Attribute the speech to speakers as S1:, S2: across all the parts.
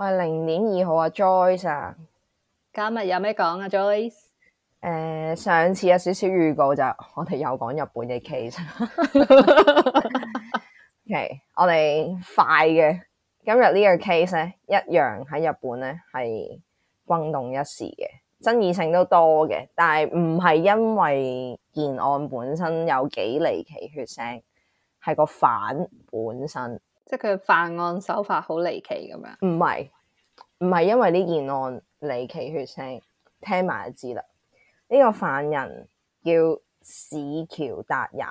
S1: 我係零年二號啊 Joyce 啊，今日有咩講啊 Joyce？誒，Joyce?
S2: Uh, 上次有少少預告就，我哋又講日本嘅 case。 O.K. 我哋快嘅，今日呢個 case 咧，一樣喺日本咧係轟動一時嘅，爭議性都多嘅，但係唔係因為件案本身有幾離奇血腥，係個反本身。
S1: 即係佢犯案手法好離奇咁樣，
S2: 唔係唔係因為呢件案離奇血腥，聽埋就知啦。呢、這個犯人叫市橋達也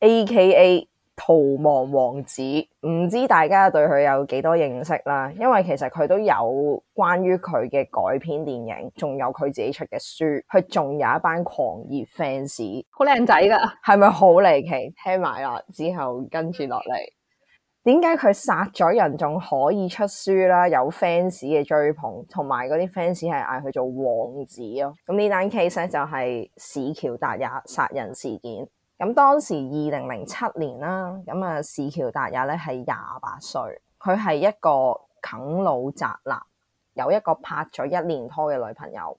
S2: （A.K.A. 逃亡王子），唔知大家對佢有幾多認識啦？因為其實佢都有關於佢嘅改編電影，仲有佢自己出嘅書，佢仲有一班狂熱 fans，好
S1: 靚仔㗎，
S2: 係咪好離奇？聽埋啦，之後跟住落嚟。點解佢殺咗人仲可以出書啦？有 fans 嘅追捧，同埋嗰啲 fans 係嗌佢做王子咯。咁呢單 case 咧就係市橋達也殺人事件。咁當時二零零七年啦，咁啊市橋達也咧係廿八歲，佢係一個啃老宅男，有一個拍咗一年拖嘅女朋友。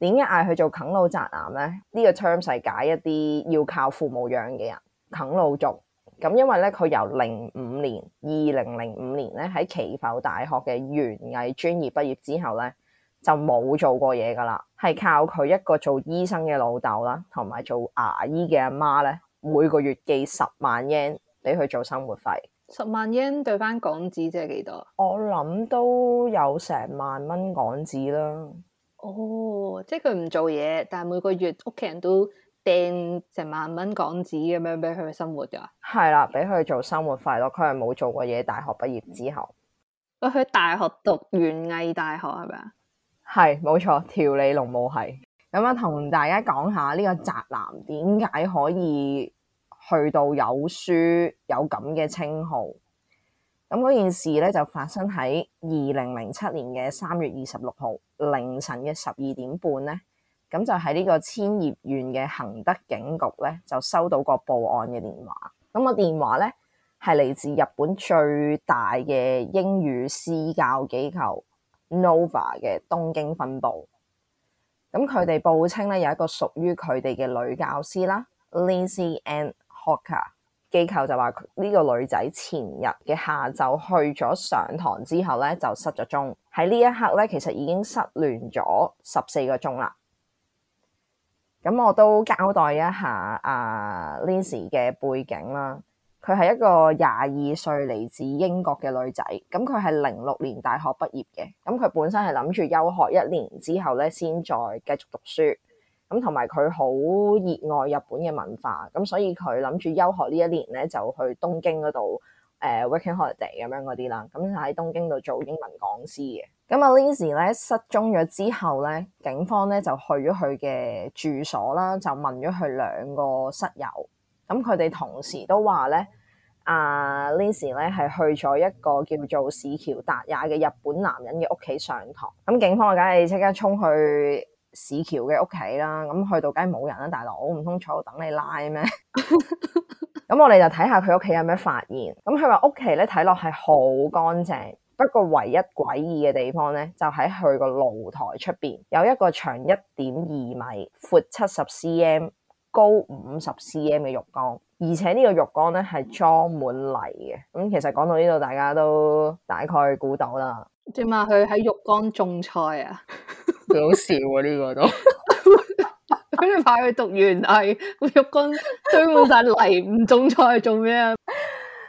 S2: 點解嗌佢做啃老宅男咧？呢個 term 係解一啲要靠父母養嘅人，啃老族。咁，因為咧，佢由零五年，二零零五年咧，喺祈福大學嘅園藝專業畢業之後咧，就冇做過嘢噶啦，係靠佢一個做醫生嘅老豆啦，同埋做牙醫嘅阿媽咧，每個月寄十萬日圓畀佢做生活費。
S1: 十萬日圓兌翻港紙即係幾多？我諗都
S2: 有成萬蚊
S1: 港紙啦。哦，即係佢唔做嘢，但係每個月屋企人都。掟成萬蚊港紙咁樣俾佢生活㗎，係
S2: 啦，俾佢做生活費咯。佢係冇做過嘢，大學畢業之後，佢去、啊、大學讀演藝大學係咪啊？係，冇錯，條理龍冇係。咁啊，同大家講下呢、呢個宅男點解可以去到有書有咁嘅稱號。咁嗰件事咧就發生喺二零零七年嘅三月二十六號凌晨嘅十二點半咧。咁就喺呢個千葉縣嘅恆德警局咧，就收到個報案嘅電話。咁、那個電話咧係嚟自日本最大嘅英語私教機構 Nova 嘅東京分部。咁佢哋報稱咧有一個屬於佢哋嘅女教師啦，Lindsay Ann Hawker，機構就話呢個女仔前日嘅下晝去咗上堂之後咧就失咗蹤，喺呢一刻咧其實已經失聯咗十四個鐘啦。咁我都交代一下阿、啊、Lindsay 嘅背景啦。佢係一個廿二歲嚟自英國嘅女仔。咁佢係零六年大學畢業嘅。咁佢本身係諗住休學一年之後咧，先再繼續讀書。咁同埋佢好熱愛日本嘅文化，咁所以佢諗住休學呢一年咧，就去東京嗰度、呃、working holiday 咁樣嗰啲啦。咁就喺東京度做英文講師嘅。咁阿 Lins 咧，失蹤咗之後咧，警方咧就去咗佢嘅住所啦，就問咗佢兩個室友。咁佢哋同時都話咧，阿 Lins 咧，係去咗一個叫做市橋達也嘅日本男人嘅屋企上堂。咁警方梗係即刻衝去市橋嘅屋企啦。咁去到梗係冇人啦，啊，大佬唔通坐度等你拉咩？咁 我哋就睇下佢屋企有咩發現。咁佢話屋企咧睇落係好乾淨。不過唯一詭異嘅地方咧，就喺佢個露台出邊，有一個長一點二米、闊七十 cm、高五十 cm 嘅浴缸，而且呢個浴缸咧係裝滿泥嘅。咁、嗯、其實講到呢度，大家都大概估到啦。
S1: 點啊，佢喺浴缸種菜啊？好笑啊！呢個都，咁你快去讀園藝，浴缸堆滿曬泥，唔種菜做咩
S2: 啊？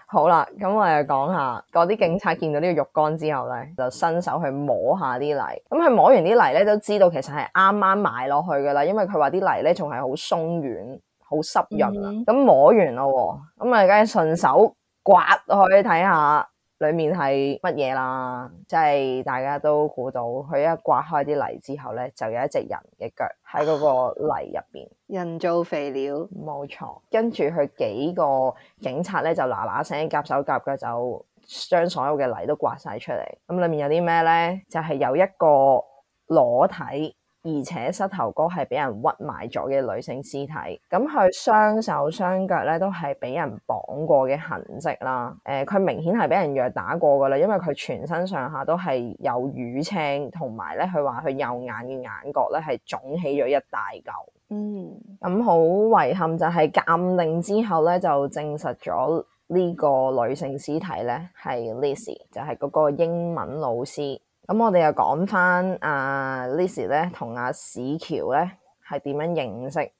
S2: 好啦，咁我哋講下，嗰啲警察見到呢個浴缸之後咧，就伸手去摸下啲泥。咁佢摸完啲泥咧，都知道其實係啱啱埋落去噶啦，因為佢話啲泥咧仲係好鬆軟、好濕潤。咁、mm hmm. 摸完啦，咁啊梗係順手刮去睇下，可睇下。裏面係乜嘢啦？即係大家都估到，佢一刮開啲泥之後呢，就有一隻人嘅腳喺嗰個泥入邊。人造肥料，冇錯。跟住佢幾個警察呢，就嗱嗱聲夾手夾腳，就將所有嘅泥都刮晒出嚟。咁裏面有啲咩呢？就係有一個裸體，而且膝頭哥係俾人屈埋咗嘅女性屍體，咁佢雙手雙腳咧都係俾人綁過嘅痕跡啦。誒、呃，佢明顯係俾人虐打過噶啦，因為佢全身上下都係有瘀青，同埋咧佢話佢右眼嘅眼角咧係腫起咗一大嚿。嗯，咁好遺憾就係鑑定之後咧就證實咗呢個女性屍體咧係 Lizzy，就係嗰個英文老師。咁我哋又講翻、uh, 啊，Lisa 咧同阿市橋咧係點樣認識？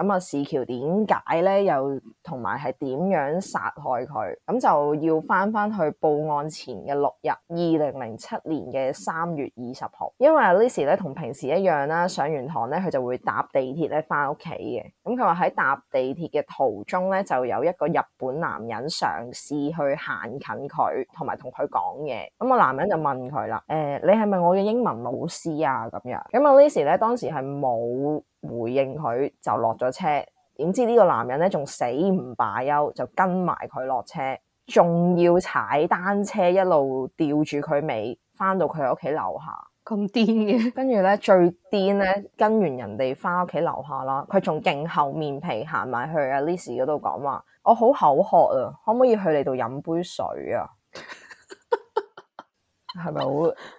S2: 咁啊，市橋點解咧？又同埋係點樣殺害佢？咁就要翻翻去報案前嘅六日，二零零七年嘅三月二十號。因為 Liz 咧同平時一樣啦，上完堂咧佢就會搭地鐵咧翻屋企嘅。咁佢話喺搭地鐵嘅途中咧，就有一個日本男人嘗試去行近佢，同埋同佢講嘢。咁個男人就問佢啦：誒、欸，你係咪我嘅英文老師啊？咁樣。咁阿 Liz 咧當時係冇回應佢就落咗車，點知呢個男人咧仲死唔罷休，就跟埋佢落車，仲要踩單車一路吊住佢尾，翻到佢屋企樓下。咁癲嘅？跟住咧最癲咧，跟完人哋翻屋企樓下啦，佢仲勁厚面皮行埋去阿 Liz 嗰度講話，我好口渴啊，可唔可以去你度飲杯水啊？
S1: 係咪
S2: 好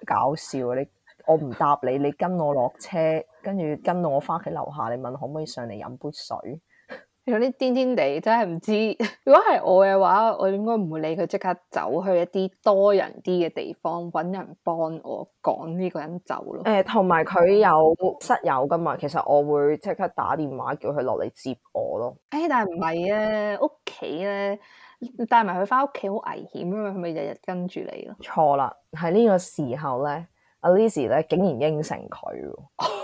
S2: 搞笑啊你？我唔答你，你跟我落車。跟住跟到我翻屋企樓下，你
S1: 問可唔可以上嚟飲杯水，有啲癲癲地，真係唔知。如果係我嘅話，我應該唔會理佢，即刻走去一啲多人啲嘅地方，揾人幫我趕呢個人走咯。
S2: 誒、呃，同埋佢有室友噶嘛？其實我會即刻打電話叫佢落嚟接我咯。
S1: 誒、哎，但係唔係啊？屋企咧，帶埋佢翻屋企好危險吖嘛？佢咪日日跟住你咯？錯
S2: 啦，喺呢個時候呢，阿 Lisi 咧竟然應承佢。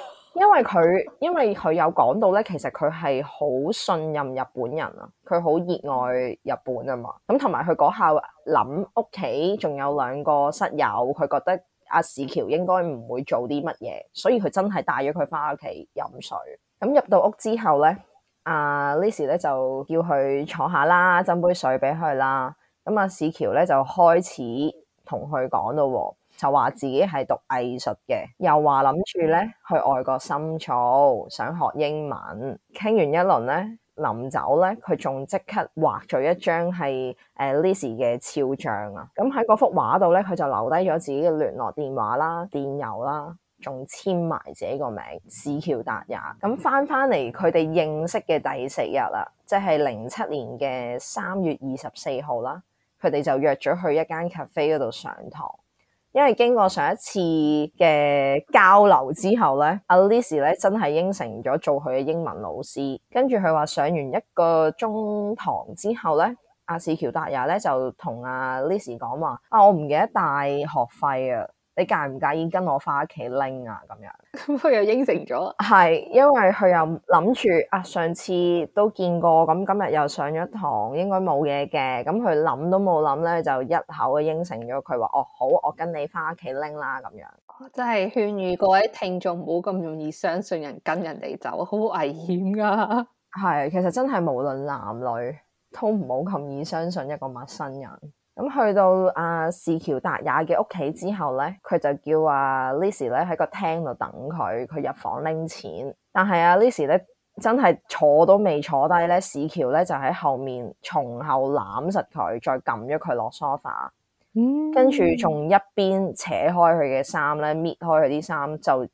S2: 因為佢，因為佢有講到咧，其實佢係好信任日本人啊，佢好熱愛日本啊嘛。咁同埋佢嗰下諗屋企仲有兩個室友，佢覺得阿市橋應該唔會做啲乜嘢，所以佢真係帶咗佢翻屋企飲水。咁入到屋之後咧，阿 Liz 咧就叫佢坐下啦，斟杯水俾佢啦。咁阿市橋咧就開始同佢講咯。就話自己係讀藝術嘅，又話諗住咧去外國深造，想學英文。傾完一輪咧，臨走咧，佢仲即刻畫咗一張係誒 Liz 嘅肖像啊。咁喺嗰幅畫度咧，佢就留低咗自己嘅聯絡電話啦、電郵啦，仲簽埋自己個名市橋達也。咁翻翻嚟佢哋認識嘅第四日啦，即係零七年嘅三月二十四號啦，佢哋就約咗去一間 cafe 嗰度上堂。因為經過上一次嘅交流之後呢，阿 Liz 咧，真係應承咗做佢嘅英文老師，跟住佢話上完一個中堂之後呢，阿市橋達也咧，就同阿 Liz 講話，啊我唔記得帶學費啊。你介唔介意跟我翻屋企拎啊？咁樣，咁佢 又應承咗。係，因為佢又諗住啊，上次都見過，咁、嗯、今日又上咗堂，應該冇嘢嘅。咁佢諗都冇諗咧，就一口應承咗佢話：哦，好，我跟你翻屋企拎啦。咁樣，
S1: 真係勸喻各位聽眾，唔好咁容易相信人跟人哋走，好，好危險噶、啊。係，
S2: 其實真係無論男女，都唔好咁易相信一個陌生人。咁去到阿市橋達也嘅屋企之後咧，佢就叫阿 Liz 咧喺個廳度等佢，佢入房拎錢。但係啊，Liz 咧真係坐都未坐低咧，市橋咧就喺後面從後攬實佢，再撳咗佢落 sofa，
S1: 跟住從
S2: 一邊扯開佢嘅衫咧，搣開佢啲衫就。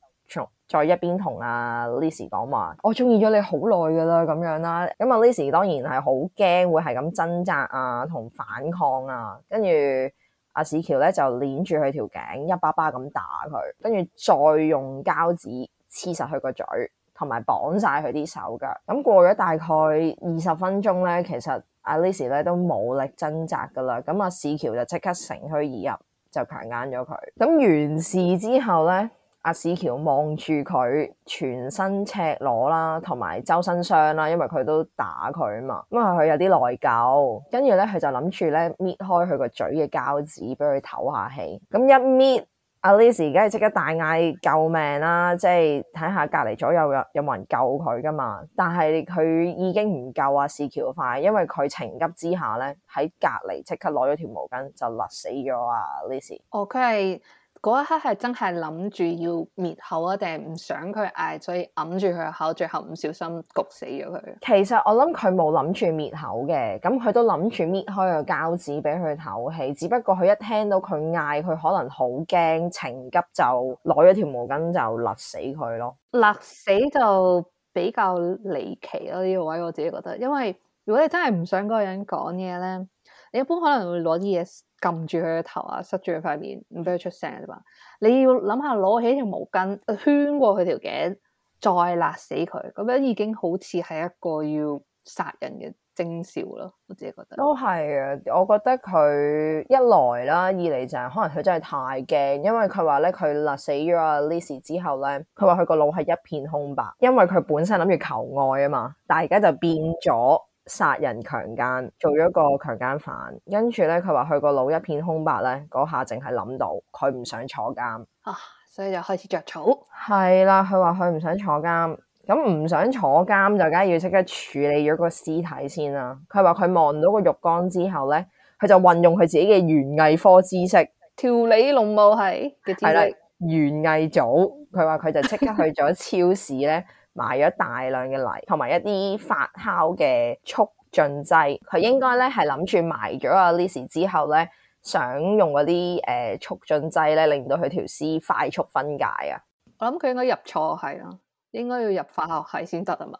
S2: 再一邊同阿 Lisi 講話，我中意咗你好耐噶啦，咁樣啦。咁啊，Lisi 當然係好驚，會係咁掙扎啊，同反抗啊。跟住、啊、阿市橋咧就鏈住佢條頸，一巴巴咁打佢，跟住再用膠紙黐實佢個嘴，同埋綁晒佢啲手腳。咁過咗大概二十分鐘咧，其實阿 Lisi 咧都冇力掙扎噶啦。咁啊，市橋就即刻乘虛而入，就強姦咗佢。咁完事之後咧。阿市橋望住佢，全身赤裸啦，同埋周身傷啦，因為佢都打佢嘛，咁啊佢有啲內疚，跟住咧佢就諗住咧搣開佢個嘴嘅膠紙，俾佢唞下氣。咁一搣，阿、啊、Lizzy 梗係即刻大嗌救命啦，即係睇下隔籬左右有有冇人救佢噶嘛。但係佢已經唔夠阿市橋快，因為佢情急之下咧喺隔籬即刻攞咗條毛巾就勒死咗阿 Lizzy。
S1: 哦，佢係。嗰一刻係真係諗住要滅口啊，定係唔想佢嗌，所以揞住佢口，最後唔小心焗死咗佢。
S2: 其實我諗佢冇諗住滅口嘅，咁佢都諗住搣開個膠紙俾佢唞氣。只不過佢一聽到佢嗌，佢可能好驚，情急就攞咗條毛巾就勒死佢咯。
S1: 勒死就比較離奇咯，呢個位我自己覺得，因為如果你真係唔想嗰個人講嘢咧，你一般可能會攞啲嘢。撳住佢嘅頭啊，塞住佢塊面，唔俾佢出聲啊嘛。你要諗下，攞起條毛巾圈過佢條頸，再勒死佢，咁樣已經好似係一個要殺人嘅徵兆。咯我自己覺得都係
S2: 啊，我覺得佢一來啦，二嚟就係、是、可能佢真係太驚，因為佢話咧佢勒死咗阿 Liz 之後咧，佢話佢個腦係一片空白，因為佢本身諗住求，求愛啊嘛，但係而家就變咗。殺人強姦，做咗個強姦犯，跟住咧佢話佢個腦一片空白咧，嗰下淨係諗到佢唔想坐監，啊，所以就開始着草。係啦，佢話佢唔想坐監，咁唔想坐監就梗係要即刻處理咗個屍體先啦。佢話佢望到個浴缸之後咧，佢就運用佢自己嘅園藝科知識調理農務系，係啦，園藝組。佢話佢就即刻去咗超市咧。 埋咗大量嘅泥同埋一啲發酵嘅促進劑，佢應該咧係諗住埋咗阿 Liz 之後咧，想用嗰啲誒促進劑咧，令到佢條屍
S1: 快速分解啊！我諗佢應該入錯係咯，應該要入化學系先得啊嘛，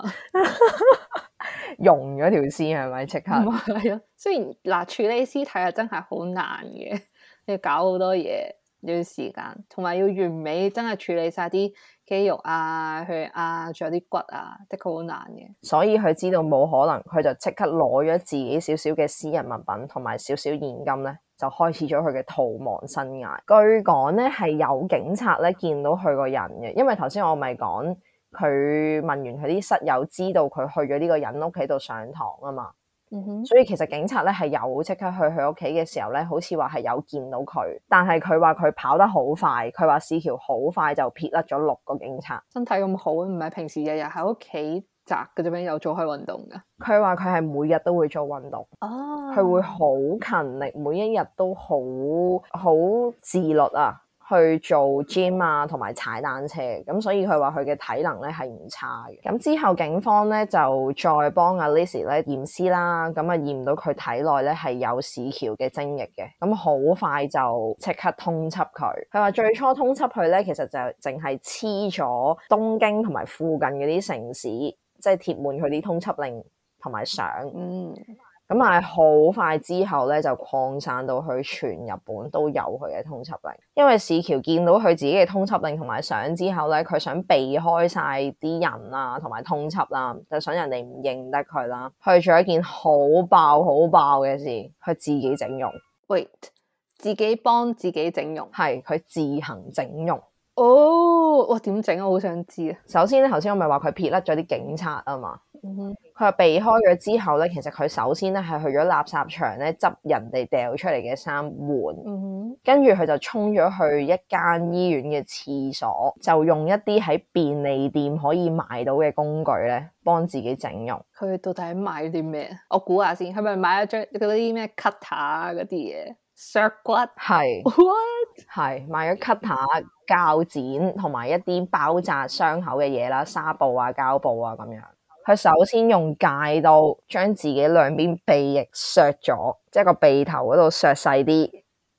S2: 溶咗條屍係咪即刻？係
S1: 咯，雖然嗱處理屍體啊真係好難嘅，要搞好多嘢，要時間，同埋要完美真係處理晒啲肌肉啊、血啊，仲有啲骨啊，的確好難嘅。
S2: 所以佢知道冇可能，佢就即刻攞咗自己少少嘅私人物品同埋少少現金咧，就開始咗佢嘅逃亡生涯。據講咧，係有警察咧見到佢個人嘅，因為頭先我咪講，佢問完佢啲室友，知道佢去咗呢個人屋企度上堂啊嘛。Mm hmm. 所以其實警察咧係有即刻去佢屋企嘅時候咧，好似話係有見到佢，但係佢話佢跑得好快，佢話市橋好快就撇甩咗六個警察。身體咁好，唔係平時日日喺屋企宅嘅啫咩？有做開運動㗎？佢話佢係每日都會做運動，佢、oh. 會好勤力，每一日都好好自律啊。去做 gym 啊，同埋踩單車，咁所以佢話佢嘅體能咧係唔差嘅。咁之後警方咧就再幫阿 Lizzy 咧驗屍啦，咁啊驗到佢體內咧係有市橋嘅精液嘅，咁好快就即刻通緝佢。佢話最初通緝佢咧，其實就淨係黐咗東京同埋附近嗰啲城市，即係貼滿佢啲通緝令同埋相。嗯。咁啊，好快之後咧，就擴散到去全日本都有佢嘅通緝令。因為市橋見到佢自己嘅通緝令同埋相之後咧，佢想避開晒啲人啊，同埋通緝啦，就想人哋唔認得佢啦。去做一件好爆好爆嘅事，去自己整容。Wait，自己幫自己整容，係佢自行整容。哦，oh, 哇，點整啊？我好想知啊！首先咧，頭先我咪話佢撇甩咗啲警察啊嘛。Mm hmm. 佢話避開咗之後咧，其實佢首先咧係去咗垃圾場咧執人哋掉出嚟嘅衫換，嗯、哼跟住佢就衝咗去一間醫院嘅廁所，就用一啲喺便利店可以買到嘅工具咧，幫自己整容。
S1: 佢到底買啲咩？我估下先，係咪買咗張嗰啲咩 cutter 嗰啲嘢削骨，係係是 What? 買咗 cutter
S2: 鉸剪同埋一啲包紮傷口嘅嘢啦，紗布啊、膠布啊咁樣。佢首先用戒刀將自己兩邊鼻翼削咗，即係個鼻頭嗰度削細啲、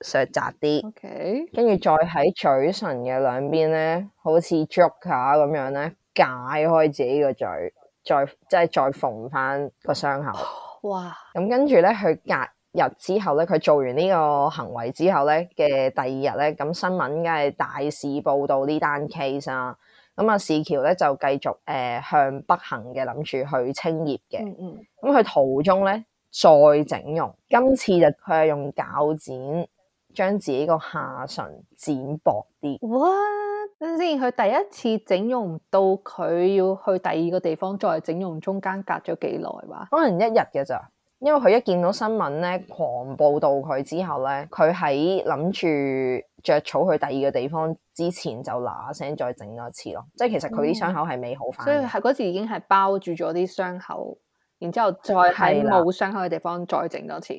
S2: 削窄啲。OK，跟住再喺嘴唇嘅兩邊咧，好似捉卡咁樣咧，解開自己個嘴，再即係再縫翻個傷口。哇！咁跟住咧，佢隔日之後咧，佢做完呢個行為之後咧嘅第二日咧，咁新聞梗係大肆報導呢單 case 啊。咁啊呢，市橋咧就繼續誒、呃、向北行嘅，諗住去清業嘅。咁佢、嗯嗯、途中咧再整容，今次就佢係用鉸剪將自己個下唇剪薄啲。
S1: 哇！咁之前佢第一次整容到佢要去第二個地方再整容，中間隔咗幾耐哇？可能一日嘅咋，因為佢一見到新聞咧
S2: 狂報道佢之後咧，佢喺諗住。着草去第二個地方之前，就嗱嗱聲再整多次咯。即係其實佢啲傷口係未好返、嗯。所以係
S1: 嗰時已經係包住咗啲傷口，然之後再係冇傷口嘅地方再整多次。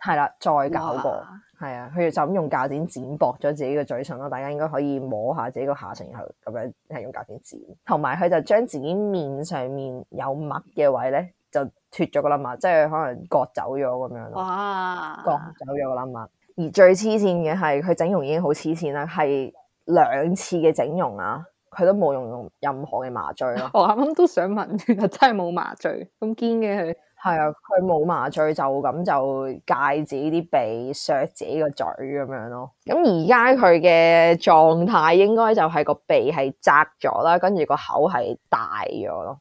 S1: 係啦，再搞過。係啊哇，佢就咁用鉸剪剪薄咗自己嘅嘴唇咯。大家
S2: 應該可以摸下自己個下唇，然後咁樣係用鉸剪剪。同埋佢就將自己面上面有癦嘅位咧，就脫咗個粒癦，即係可能割走咗咁樣咯。
S1: 哇！
S2: 割走咗個粒癦。而最黐線嘅係佢整容已經好黐線啦，係兩次嘅整容啊，佢都冇用用任何嘅麻醉咯。我啱啱都想問，真係冇麻醉咁堅嘅佢？係啊，佢冇麻醉就咁就界自己啲鼻削自己個嘴咁樣咯。咁而家佢嘅狀態應該就係、是、個鼻係窄咗啦，跟住個口係大咗咯。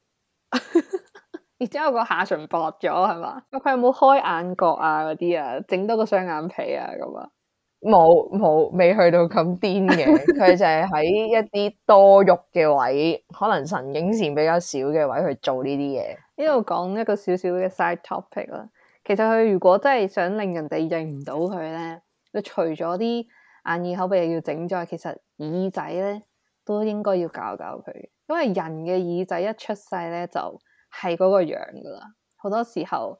S1: 然之後個下唇薄咗係嘛？佢有冇開眼角啊？嗰啲啊，整多個雙眼皮啊咁啊？
S2: 冇冇，未去到咁癲嘅。佢 就係喺一啲多肉嘅位，可能神經線比較少嘅位去做呢啲嘢。
S1: 呢度講一個少少嘅 side topic 啦。其實佢如果真係想令人哋認唔到佢咧，你除咗啲眼耳口鼻要整咗，其實耳仔咧都應該要搞搞佢。因為人嘅耳仔一出世咧就。係嗰個樣噶啦，好多時候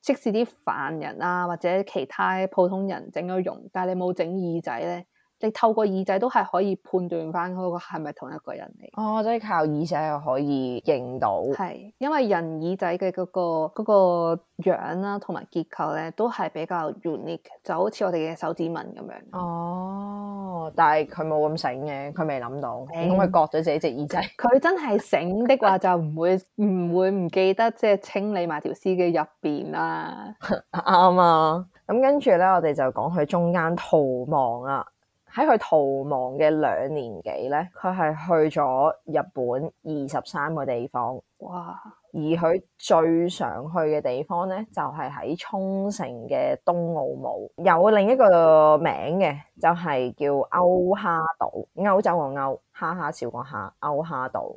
S1: 即使啲犯人啊，或者其他普通人整咗容，但係你冇整耳仔咧。你透過耳仔都係可以判斷翻嗰個係咪同一個人嚟？哦，即係靠耳仔又可以認到。係，因為人耳仔嘅嗰個嗰個樣啦，同埋結構咧，都係比較 unique，就好似我哋嘅手指紋咁樣。哦，但係佢冇咁醒嘅，佢未諗到，咁佢割咗自己隻耳仔。佢、嗯、真係醒的話，就唔會唔會唔記得即係清理埋條屍嘅入邊啦。啱 啊，
S2: 咁跟住咧，我哋就講佢中間逃亡啦。喺佢逃亡嘅兩年幾呢，佢係去咗日本二十三個地方，哇！而佢最常去嘅地方呢，就係喺沖繩嘅東澳島，有另一個名嘅就係叫歐哈島，歐洲個歐，哈哈笑個哈，歐哈島，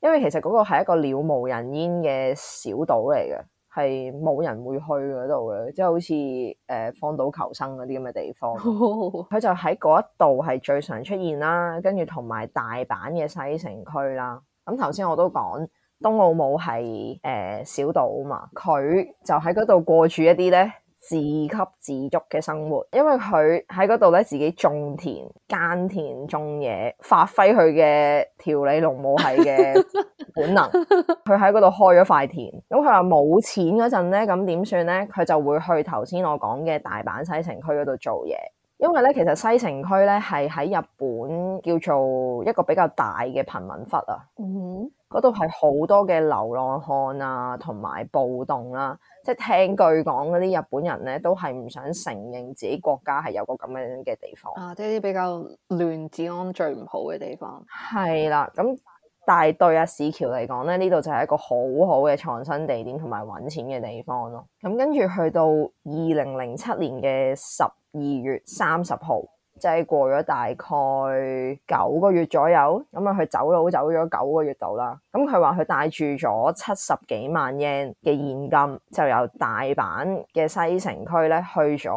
S2: 因為其實嗰個係一個了無人煙嘅小島嚟嘅。係冇人會去嗰度嘅，即係好似誒荒島求生嗰啲咁嘅地方，佢 就喺嗰一度係最常出現啦。跟住同埋大阪嘅西城區啦，咁頭先我都講東澳冇係誒小島啊嘛，佢就喺嗰度過住一啲咧，自給自足嘅生活，因為佢喺嗰度咧自己種田、耕田、種嘢，發揮佢嘅調理農務係嘅本能。佢喺嗰度開咗塊田，咁佢話冇錢嗰陣咧，咁點算咧？佢就會去頭先我講嘅大阪西城區嗰度做嘢，因為咧其實西城區咧係喺日本叫做一個比較大嘅貧民窟啊。嗯嗰度係好多嘅流浪漢啊，同埋暴動啦、啊，即係聽據講嗰啲日本人咧都係唔想承認自己國家係有個咁樣嘅地方啊，即係啲比較亂治
S1: 安最唔好嘅地方。
S2: 係啦，咁但係對阿、啊、市橋嚟講咧，呢度就係一個好好嘅創新地點同埋揾錢嘅地方咯。咁跟住去到二零零七年嘅十二月三十號。即係過咗大概九個月左右，咁、嗯、啊，佢走佬走咗九個月度啦。咁佢話佢帶住咗七十幾萬日圓嘅現金，就由大阪嘅西城區咧去咗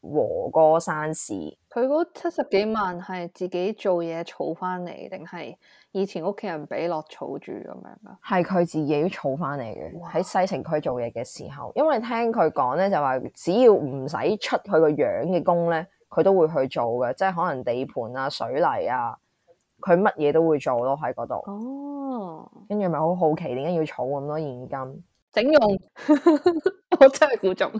S2: 和歌山市。
S1: 佢嗰七十幾萬係自己做嘢儲翻嚟，定係以前屋企人俾落儲住咁樣啊？
S2: 係佢自己儲翻嚟嘅，喺哇西城區做嘢嘅時候。因為聽佢講咧，就話只要唔使出佢個樣嘅工咧，佢都會去做嘅，即係可能地盤啊、水泥啊，佢乜嘢都會做咯喺嗰度。哦，跟住咪好好奇點解要儲咁多現金？整容，
S1: 我真係估中。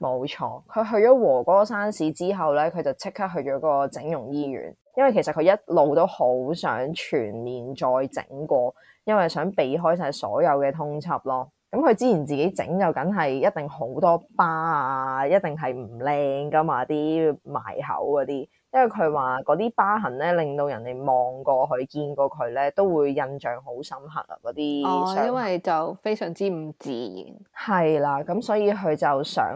S2: 冇 錯，佢去咗和歌山市之後呢，佢就即刻去咗個整容醫院，因為其實佢一路都好想全面再整過，因為想避開晒所有嘅通緝咯。咁佢之前自己整就梗係一定好多疤啊，一定係唔靚噶嘛，啲埋口嗰啲。因為佢話嗰啲疤痕咧，令到人哋望過去見過佢，咧都會印象好深刻啊嗰啲。哦，因為就非常之唔自然。係啦，咁所以佢就想，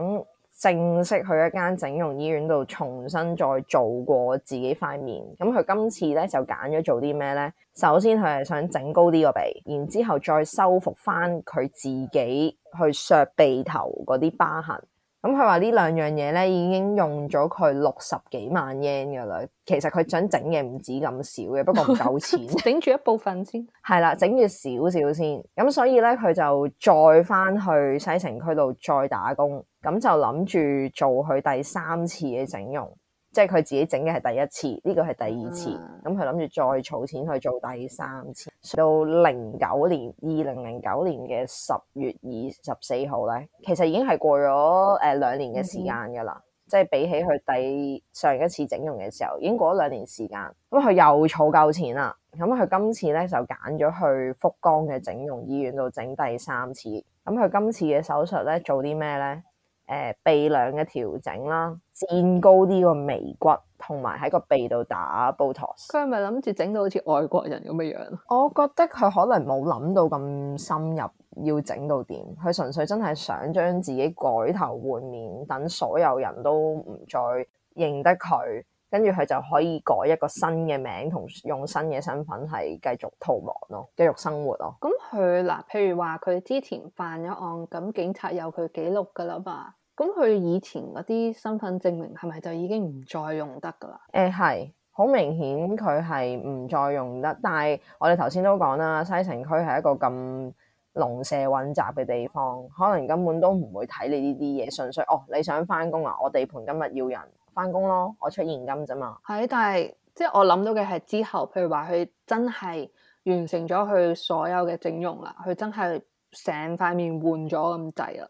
S2: 正式去一間整容醫院度重新再做過自己塊面，咁佢今次咧就揀咗做啲咩咧？首先佢係想整高啲個鼻，然之後再修復翻佢自己去削鼻頭嗰啲疤痕。咁佢話呢兩樣嘢咧已經用咗佢六十幾萬 yen 噶啦，其實佢想整嘅唔止咁少嘅，不過唔夠錢，整 住一部分先。係啦，整住少少先。咁所以咧，佢就再翻去西城區度再打工，咁就諗住做佢第三次嘅整容。即係佢自己整嘅係第一次，呢、這個係第二次，咁佢諗住再儲錢去做第三次。到零九年，二零零九年嘅十月二十四號呢，其實已經係過咗誒兩年嘅時間㗎啦。嗯嗯，即係比起佢第上一次整容嘅時候，已經過咗兩年時間。咁、嗯、佢又儲夠錢啦，咁、嗯、佢今次呢，就揀咗去福岡嘅整容醫院度整第三次。咁、嗯、佢今次嘅手術呢，做啲咩呢？誒鼻樑嘅調整啦，尖高墊高啲個眉骨，同埋喺個鼻度打 botas。佢係咪諗住整到好似外國人咁嘅樣？我覺得佢可能冇諗到咁深入要，要整到點？佢純粹真係想將自己改頭換面，等所有人都唔再認得佢，跟住佢就可以改一個新嘅名，同用新嘅身份係繼續逃亡咯，繼續生活咯。
S1: 咁佢嗱，譬如話佢之前犯咗案，咁警察有佢記錄㗎啦嘛。咁佢以前嗰啲身份證明係咪就已經唔再用得噶啦？
S2: 誒係、欸，好明顯佢係唔再用得。但係我哋頭先都講啦，西城區係一個咁龍蛇混雜嘅地方，可能根本都唔會睇你呢啲嘢，純粹哦，你想翻工啊？我地盤今日要人
S1: 翻工咯，
S2: 我出現金啫嘛。
S1: 係，但係即係我諗到嘅係之後，譬如話佢真係完成咗佢所有嘅整容啦，佢真係成塊面換咗咁滯啦。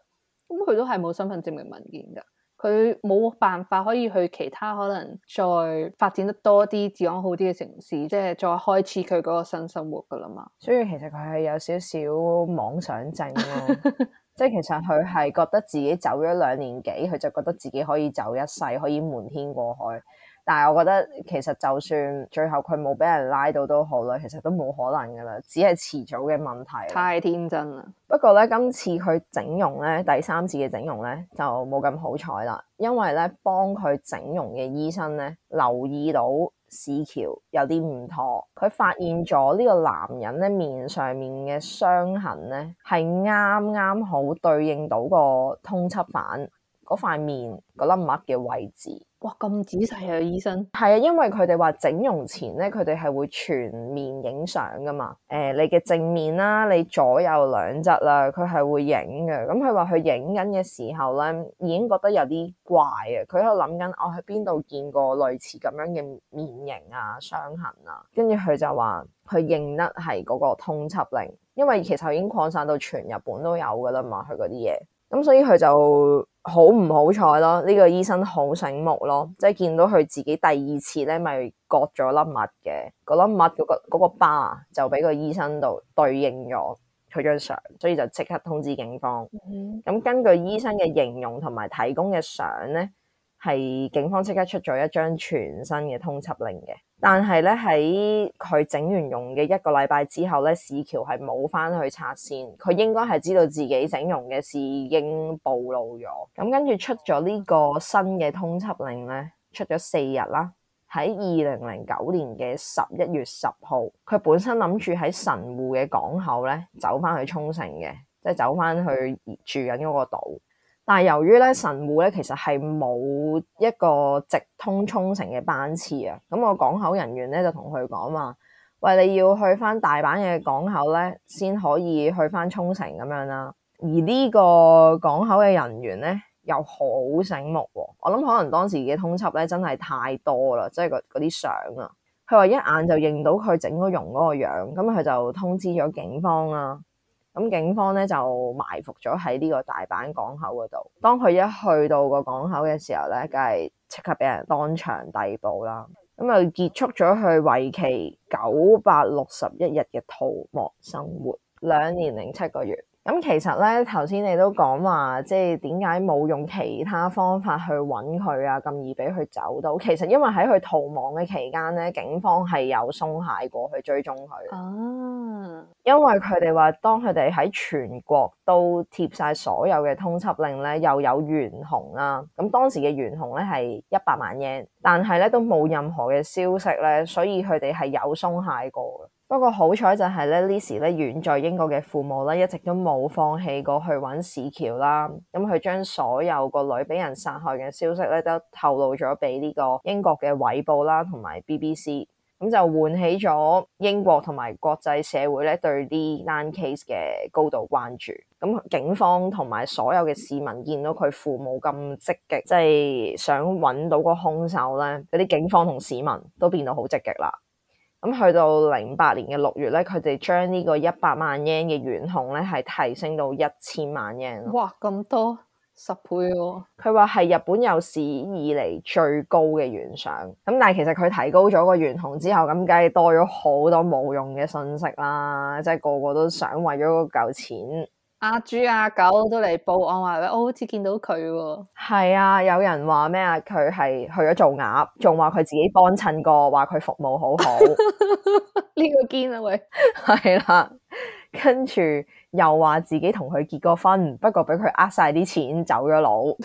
S1: 咁佢都係冇身份證明文件㗎，佢冇辦法可以去其他可能再發展得多啲治安好啲嘅城市，即係再開始佢嗰個新生活噶啦嘛。
S2: 所以其實，佢係有少少妄想症咯， 即係其實，佢係覺得自己走咗兩年幾，佢就覺得自己可以走一世，可以瞞天過海。但係，我覺得其實就算最後佢冇俾人拉到都好啦，其實都冇可能噶啦，只係遲早嘅問題。太天真啦！不過咧，今次佢整容咧，第三次嘅整容咧，就冇咁好彩啦。因為咧，幫佢整容嘅醫生咧，留意到市橋有啲唔妥，佢發現咗呢個男人咧，面上面嘅傷痕咧，係啱啱好對應到個通緝犯嗰塊面嗰粒物嘅位置。哇，咁仔細啊，醫生。係啊，因為佢哋話整容前咧，佢哋係會全面影相噶嘛。誒、呃，你嘅正面啦、啊，你左右兩側啦，佢係會影嘅。咁佢話佢影緊嘅時候咧，已經覺得有啲怪啊。佢喺度諗緊，我喺邊度見過類似咁樣嘅面型啊、傷痕啊。跟住佢就話佢認得係嗰個通緝令，因為其實已經擴散到全日本都有噶啦嘛，佢嗰啲嘢。咁、嗯、所以佢就好唔好彩咯。呢，這個醫生好醒目咯，即係見到佢自己第二次咧，咪、就是、割咗粒癦嘅，粒粒嗰個粒癦嗰個疤就俾個醫生度對應咗佢張相，所以就即刻通知警方。咁根據醫生嘅形容同埋提供嘅相咧。係警方即刻出咗一張全新嘅通緝令嘅，但係咧，喺佢整完容嘅一個禮拜之後咧，市橋係冇翻去拆線，佢應該係知道自己整容嘅事已經暴露咗，咁跟住出咗呢個新嘅通緝令咧，出咗四日啦。喺二零零九年嘅十一月十號，佢本身諗住喺神戶嘅港口咧走翻去沖繩嘅，即係走翻去住緊嗰個島。但係由於咧神戶咧其實係冇一個直通沖繩嘅班次啊，咁我港口人員咧就同佢講話，喂，你要去翻大阪嘅港口咧，先可以去翻沖繩咁樣啦。而呢個港口嘅人員咧又好醒目喎，我諗可能當時嘅通緝咧真係太多啦，即係嗰啲相啊。佢話一眼就認到佢整到容嗰個樣，咁佢就通知咗警方啦。咁警方咧就埋伏咗喺呢個大阪港口嗰度，當佢一去到個港口嘅時候咧，梗係即刻俾人當場逮捕啦。咁啊結束咗佢為期九百六十一日嘅逃亡生活，兩年零七個月。咁其實咧，頭先你都講話，即係點解冇用其他方法去揾佢啊？咁易俾佢走到。其實因為喺佢逃亡嘅期間咧，警方係有鬆懈過去追蹤佢。哦、啊，因為佢哋話，當佢哋喺全國都貼晒所有嘅通緝令咧，又有懸紅啦。咁當時嘅懸紅咧係一百萬日圓，但係咧都冇任何嘅消息咧，所以佢哋係有鬆懈過嘅。不過好彩就係咧，呢時咧遠在英國嘅父母咧一直都冇放棄過去揾市橋啦。咁佢將所有個女俾人殺害嘅消息咧都透露咗俾呢個英國嘅《每日報》啦同埋 BBC。咁就喚起咗英國同埋國際社會咧對呢單 case 嘅高度關注。咁警方同埋所有嘅市民見到佢父母咁積極，即係想揾到個兇手咧，嗰啲警方同市民都變到好積極啦。咁去到零八年嘅六月咧，佢哋將呢個一百萬 yen 嘅懸紅咧，係提升到一千萬 yen。哇！咁多十倍喎，啊！佢話係日本有史以嚟最高嘅懸賞。咁但係其實佢提高咗個懸紅之後，咁梗係多咗好多冇用嘅信息啦，即係個個都想為咗嗰嚿錢。
S1: 阿豬阿狗都嚟報案話，喂，我好似見到佢喎。
S2: 係啊，有人話咩 啊？佢係去咗做鴨，仲話佢自己幫襯過，話佢服務好好。
S1: 呢個堅啊喂，
S2: 係啦，跟住又話自己同佢結過婚，不過俾佢呃晒啲錢走咗佬。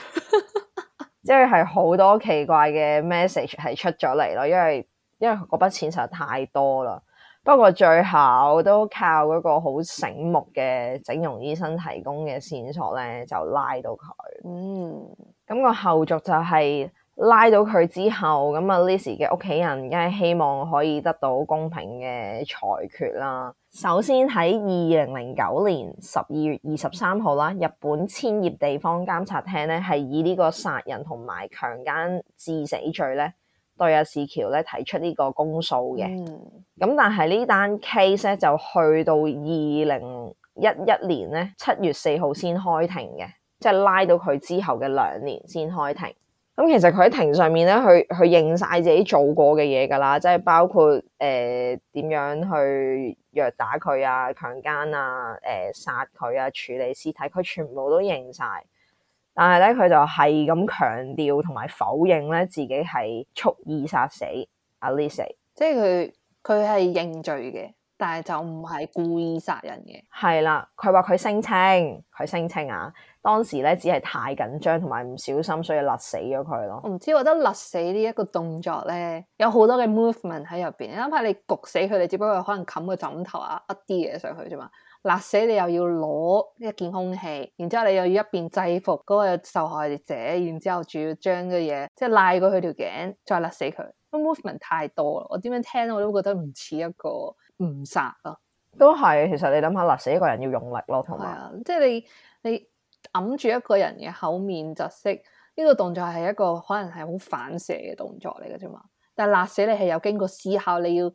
S2: 即係係好多奇怪嘅 message 係出咗嚟咯，因為因為嗰筆錢實在太多啦。不過最後都靠嗰個好醒目嘅整容醫生提供嘅線索咧，就拉到佢。嗯，咁個後續就係拉到佢之後，咁啊 Liz 嘅屋企人梗係希望可以得到公平嘅裁決啦。首先喺二零零九年十二月二十三號啦，日本千葉地方監察廳咧係以呢個殺人同埋強姦致死罪咧。對阿，市橋咧提出呢個公訴嘅。咁、嗯、但係呢單 case 咧就去到二零一一年咧七月四號先開庭嘅，即係拉到佢之後嘅兩年先開庭。咁、嗯、其實佢喺庭上面咧去去認晒自己做過嘅嘢㗎啦，即係包括誒點、呃、樣去虐打佢啊、強姦啊、誒、呃、殺佢啊、處理屍體，佢全部都認晒。但係咧，佢就係咁強調同埋否認咧，自己係蓄意殺死 Alice，
S1: 即係佢佢係認罪嘅，但係就唔係故意殺人嘅。
S2: 係啦，佢話佢聲稱佢聲稱啊，當時咧只係太緊張同埋唔小心，所以勒死咗佢咯。我
S1: 唔知，我覺得勒死呢一個動作咧，有好多嘅 movement 喺入邊。你諗下你焗死佢哋，你只不過可能冚個枕頭啊，壓啲嘢上去啫嘛。勒死你又要攞一件凶器，然之後你又要一邊制服嗰個受害者，然之後仲要將啲嘢即係拉過去條頸，再勒死佢。movement 太多啦，我點樣聽我都覺得唔似一個誤殺啊。都係，其實你諗下勒死一個人要用力咯，同埋，即係你你揞住一個人嘅口面窒息，呢個動作係一個可能係好反射嘅動作嚟嘅啫嘛。但係勒死你係有經過思考，你要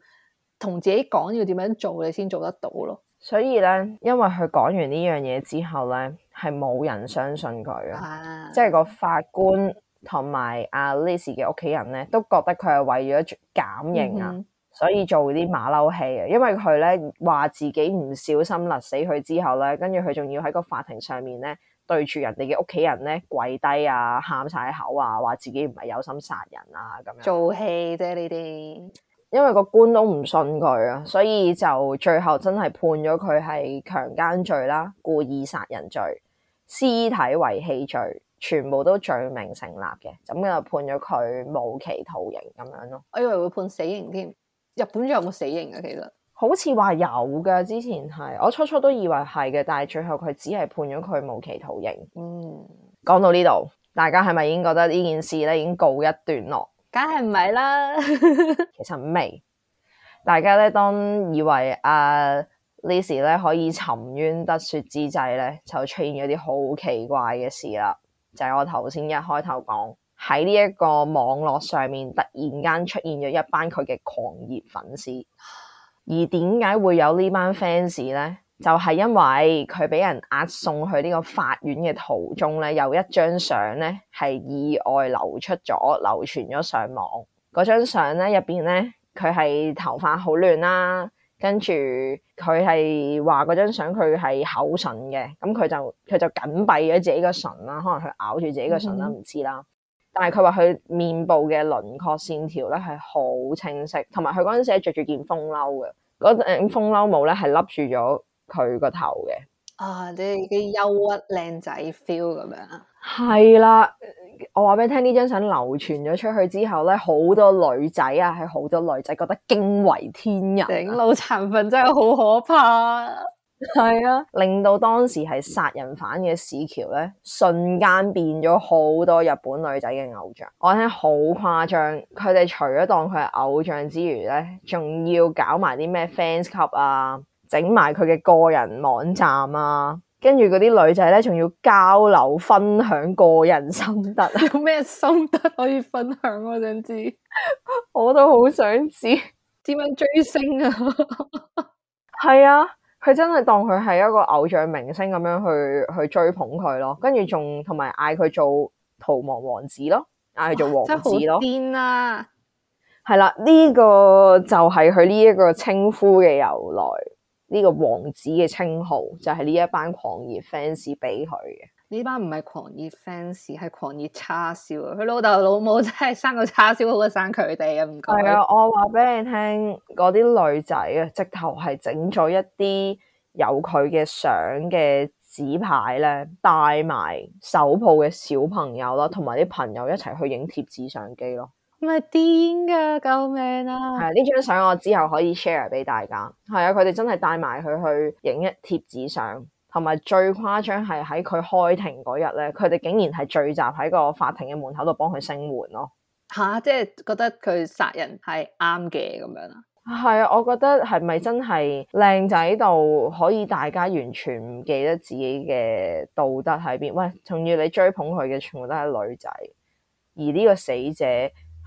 S1: 同自己講要點樣做，你先做得到咯。
S2: 所以咧，因為佢講完呢樣嘢之後咧，係冇人相信佢嘅。啊、即係個法官同埋阿 l i s 嘅屋企人咧，都覺得佢係為咗減刑啊，嗯、哼所以做啲馬騮戲啊。因為佢咧話自己唔小心甩死佢之後咧，跟住佢仲要喺個法庭上面咧，對住人哋嘅屋企人咧跪低啊，喊晒口啊，話自己唔係有心殺人啊，咁樣做戲啫，呢啲。因為個官都唔信佢啊，所以就最後真係判咗佢係強姦罪啦、故意殺人罪、屍體遺棄罪，全部都罪名成立嘅，咁就判咗佢無期徒刑咁樣咯。我以為會判死刑添，日本仲有冇死刑啊？其實好似話有噶，之前係我初初都以為係嘅，但係最後佢只係判咗佢無期徒刑。
S1: 嗯，
S2: 講到呢度，大家係咪已經覺得呢件事咧已經告一段落？梗係唔係啦， 其實未。大家咧當以為阿 Liz 咧可以沉冤得雪之際咧，就出現咗啲好奇怪嘅事啦。就係、是、我頭先一開頭講喺呢一個網絡上面突然間出現咗一班佢嘅狂熱粉絲，而點解會有呢班粉絲呢班 fans 咧？就係因為佢俾人押送去呢個法院嘅途中咧，有一張相咧係意外流出咗、流傳咗上網。嗰張相咧入邊咧，佢係頭髮好亂啦，跟住佢係話嗰張相佢係口唇嘅，咁佢就佢就緊閉咗自己個唇啦，可能佢咬住自己個唇啦，唔知啦。但係佢話佢面部嘅輪廓線條咧係好清晰，同埋佢嗰陣時係著住件風褸嘅，嗰頂風褸帽咧係笠住咗。佢個頭嘅
S1: 啊，啲啲憂鬱靚仔 feel 咁樣，
S2: 係啦。我話俾你聽，呢張相流傳咗出去之後咧，好多女仔啊，係好多女仔、啊、覺得驚為天人、啊。整腦殘粉真係好可怕，係啊， 啊令到當時係殺人犯嘅市橋咧，瞬間變咗好多日本女仔嘅偶像。我聽好誇張，佢哋除咗當佢係偶像之餘咧，仲要搞埋啲咩 fans club 啊～整埋佢嘅個人網站啊，跟住嗰啲女仔咧，仲要交流分享個人心得
S1: 有咩心得可以分享啊？我想知， 我都好想知點樣追星啊！
S2: 係 啊，佢真係當佢係一個偶像明星咁樣去去追捧佢咯，跟住仲同埋嗌佢做逃亡王子咯，嗌佢做王子咯，癲啊，係啦、啊，呢、呢個就係佢呢一個稱呼嘅由來。呢個王子嘅稱號就係呢一班狂熱 fans 俾佢嘅。
S1: 呢班唔係狂熱 fans，係狂熱叉燒啊！佢老豆老母真係生個叉燒好過生佢哋啊！唔該。係啊，我話俾你聽，嗰
S2: 啲女仔啊，直頭係整咗一啲有佢嘅相嘅紙牌咧，帶埋手抱嘅小朋友啦，同埋啲朋友一齊去影貼紙相機咯。
S1: 唔係癲噶，救命啊！係
S2: 呢、啊、張相，我之後可以 share 俾大家。係啊，佢哋真係帶埋佢去影一貼紙相，同埋最誇張係喺佢開庭嗰日咧，佢哋竟然係聚集喺個法庭嘅門口度幫佢
S1: 聲援咯吓、啊，即係覺得佢殺人係啱嘅咁樣啊？
S2: 係啊，我覺得係咪真係靚仔度可以，大家完全唔記得自己嘅道德喺邊？喂，仲要你追捧佢嘅全部都係女仔，而呢個死者。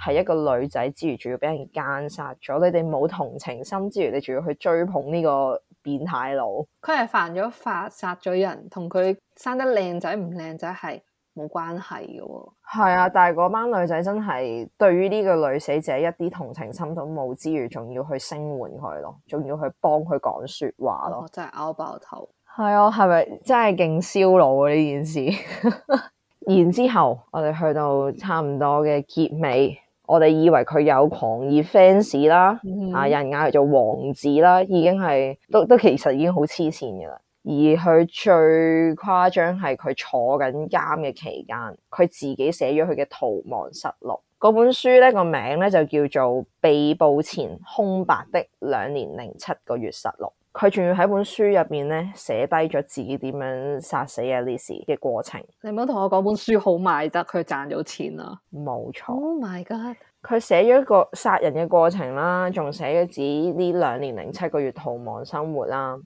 S2: 係一個女仔之餘，仲要俾人姦殺咗，你哋冇同情心之餘，你仲要去追捧呢個變態佬？
S1: 佢係犯咗法，殺咗人，同佢生得靚仔唔靚仔係冇關係嘅。係啊，但係嗰
S2: 班女仔真係對於呢個女死者一啲同情心都冇之餘，仲要去聲援佢咯，仲要去幫佢講說話咯，哦、真係拗爆頭。係啊，係咪真係勁燒腦啊呢件事？ 然之後我哋去到差唔多嘅結尾。我哋以為佢有狂熱 fans 啦，mm hmm. 有人嗌佢做王子啦，已經係都都其實已經好黐線噶啦。而佢最誇張係佢坐緊監嘅期間，佢自己寫咗佢嘅逃亡實錄。嗰本書咧、個名咧就叫做《被捕前空白的兩年零七個月實錄》。佢仲要喺本書入邊咧寫低咗自己點樣殺死 Alice 嘅過程。
S1: 你唔好同我講本書好賣得，佢賺咗錢啦、啊。冇錯。Oh my god！佢寫咗一個殺人嘅過程啦，仲寫咗
S2: 自己呢兩年零七個月逃亡生活啦。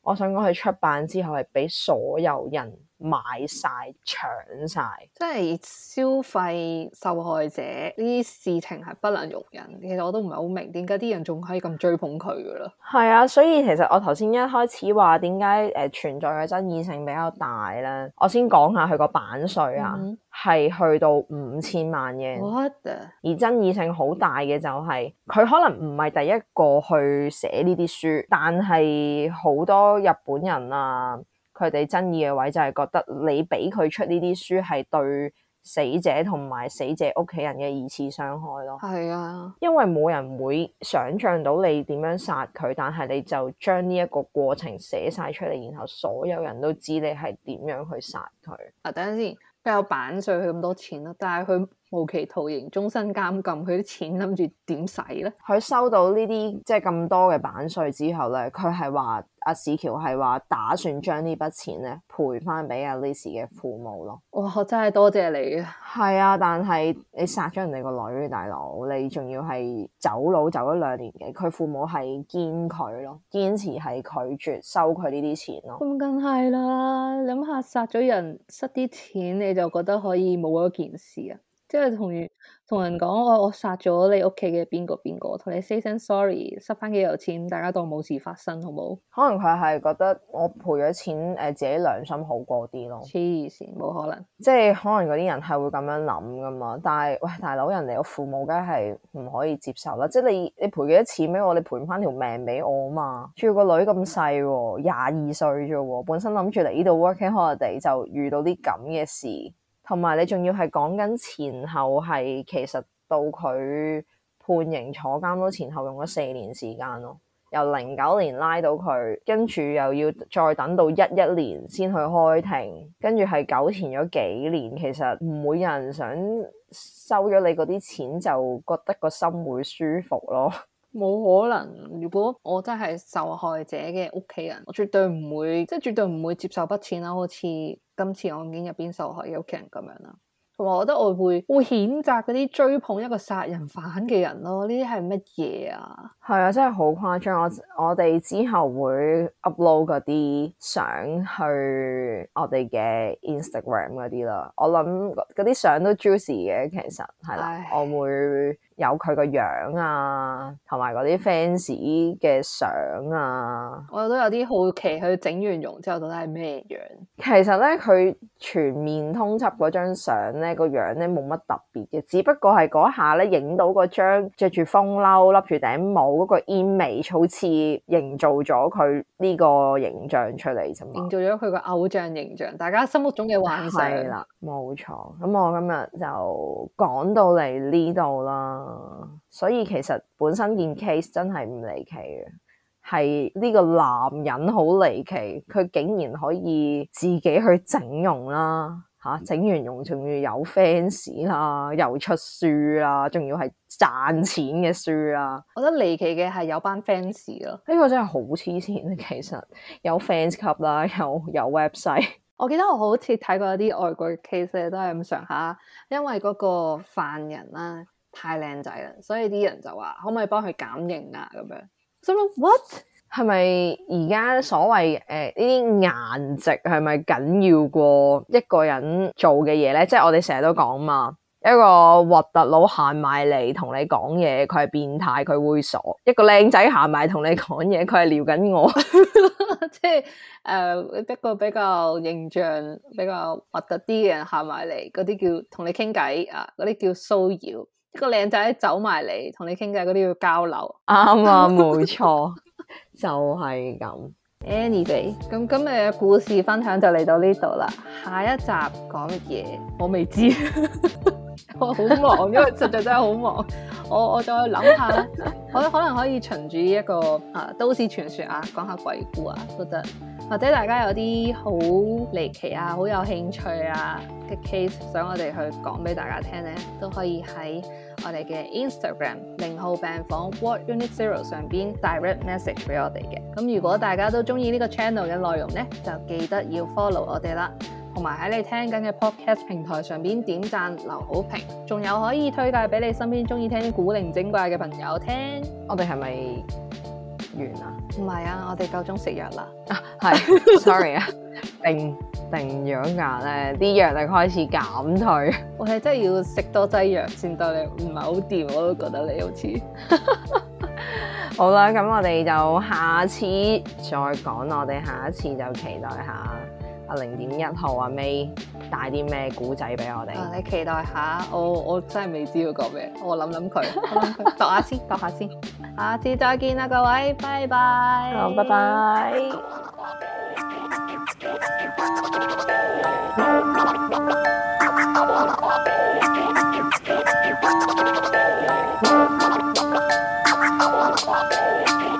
S2: 我想講佢出版之後係俾所有人。買晒搶晒，
S1: 即係消費受害者。呢啲事情係不能容忍。其實我都唔係好明點解啲人仲可以咁追捧佢噶啦。
S2: 係啊，所以其實我頭先一開始話點解誒存在嘅爭議性比較大咧，我先講下佢個版稅啊，係、mm hmm. 去到五千萬嘅。What the? 而爭議性好大嘅就係、是、佢可能唔係第一個去寫呢啲書，但係好多日本人啊。佢哋爭議嘅位就係覺得你俾佢出呢啲書係對死者同埋死者屋企人嘅二次傷害咯。係
S1: 啊，
S2: 因為冇人會想像到你點樣殺佢，但係你就將呢一個過程寫晒出嚟，然後所有人都知
S1: 你係點樣去殺佢。啊，等陣先，佢有版稅佢咁多錢咯，但係佢，無期徒刑、終身監禁，佢啲錢諗住點使咧？佢收到呢啲即係
S2: 咁多嘅版稅之後咧，佢係話阿市橋係話打算將呢筆錢咧賠翻俾阿 Liz 嘅父母咯。
S1: 哇！真係多謝你啊。係啊，但係
S2: 你殺咗人哋個女大佬，你仲要係走佬走咗兩年嘅佢父母係堅拒咯，堅持係拒絕收佢呢啲錢咯。
S1: 咁梗係啦，諗下殺咗人，塞啲錢你就覺得可以冇咗件事啊？即係同人同人講，我我殺咗你屋企嘅邊個邊個，同你 say 聲 sorry，塞翻幾多錢，大家當冇事發生，好冇？可能佢係覺得我賠咗錢，誒，自己
S2: 良心好過啲咯。黐線，冇可能。即係可能嗰啲人係會咁樣諗噶嘛？但係喂，大佬，人哋個父母梗係唔可以接受啦。即係你你賠幾多錢俾我，你賠翻條命俾我啊嘛？仲要個女咁細，哦，廿二歲啫，本身諗住嚟呢度 working holiday 就遇到啲咁嘅事。同埋你仲要係講緊前後係其實到佢判刑坐監都前後用咗四年時間咯，由零九年拉到佢，跟住又要再等到一一年先去開庭，跟住係久前咗幾年，其實唔會有人想收咗你嗰啲錢就覺得個心會舒服咯。
S1: 冇可能！如果我真係受害者嘅屋企人，我絕對唔會，即係絕對唔會接受筆錢啦。好似今次案件入邊受害嘅屋企人咁樣啦。同埋，我覺得我會會譴責嗰啲追捧一個殺人犯嘅人咯。呢啲係乜嘢啊？係啊，真係好
S2: 誇張！我我哋之後會 upload 嗰啲相去我哋嘅 Instagram 嗰啲啦。我諗嗰啲相都 juicy 嘅，其實係啦，唉我會。有佢嘅樣啊，同埋嗰啲 fans 嘅相啊，
S1: 我都有啲好奇佢整完容之後到底係咩樣。
S2: 其實咧，佢全面通緝嗰張相咧，個樣咧冇乜特別嘅，只不過係嗰下咧影到嗰張著住風褸、笠住頂帽嗰個煙味，好似營造咗佢呢個形象出嚟啫嘛，
S1: 營造咗佢個偶像形象，大家心目中嘅幻想。係啦，
S2: 冇錯。
S1: 咁我今日就
S2: 講到嚟呢度啦。啊，所以其實本身件 case 真係唔離奇嘅，係呢個男人好離奇，佢竟然可以自己去整容啦，吓、啊、整完容仲要有 fans 啦，又出書啦，仲要係賺錢嘅書啦。我
S1: 覺得離奇嘅係有班 fans 咯，呢個真係好黐線。其實有 fans club 啦，有有 website。我記得我好似睇過一啲外國嘅 case 都係咁上下，因為嗰個犯人啦、啊。太靚仔啦，所以啲人就話可唔可以幫佢減刑啊？咁樣心
S2: 諗 so what 係咪而家所謂誒呢啲顏值係咪緊要過一個人做嘅嘢咧？即係我哋成日都講嘛，一個核突佬行埋嚟同你講嘢，佢係變態，佢猥瑣；一個靚仔行埋同你講嘢，佢係撩緊我。 即
S1: 係誒、呃、一個比較形象、比較核突啲嘅人行埋嚟，嗰啲叫同你傾偈啊，嗰啲叫騷擾。一個靚仔走埋嚟同你傾偈，嗰啲要交流，啱啊錯，冇錯， 就係、是、咁。Anyway，咁今日嘅故事分享就嚟到呢度啦，下一集講乜嘢我未知。 我好忙，因為實在真係好忙。我我再諗下，可 可能可以循住一個啊都市傳說啊，講下鬼故啊，都得。或者大家有啲好離奇啊、好有興趣啊嘅 case，想我哋去講俾大家聽咧，都可以喺我哋嘅 Instagram 零號病房 Ward Unit Zero 上邊 Direct Message 俾我哋嘅。咁如果大家都中意呢個 channel 嘅內容咧，就記得要 follow 我哋啦。.同埋喺你聽緊嘅 podcast 平台上邊點讚留好評，仲有可以推介俾你身邊中意聽古靈精怪嘅朋友聽。我哋係咪完啦？唔係啊，我哋夠鐘食藥啦。
S2: 係、啊、 ，sorry 啊，定
S1: 定養牙咧，啲藥力開始減退。我哋真係要食多劑藥先得，你唔係好掂，我都覺得你好似。 好啦，咁
S2: 我哋就下次再講，我哋下一次就期待下。
S1: 零點一號啊，May 帶啲咩古仔俾我哋？你期待下，我我真係未知要講咩，我諗諗佢，佢，讀下先，讀下先。下次再見啦，各位，拜拜，好、oh，拜拜。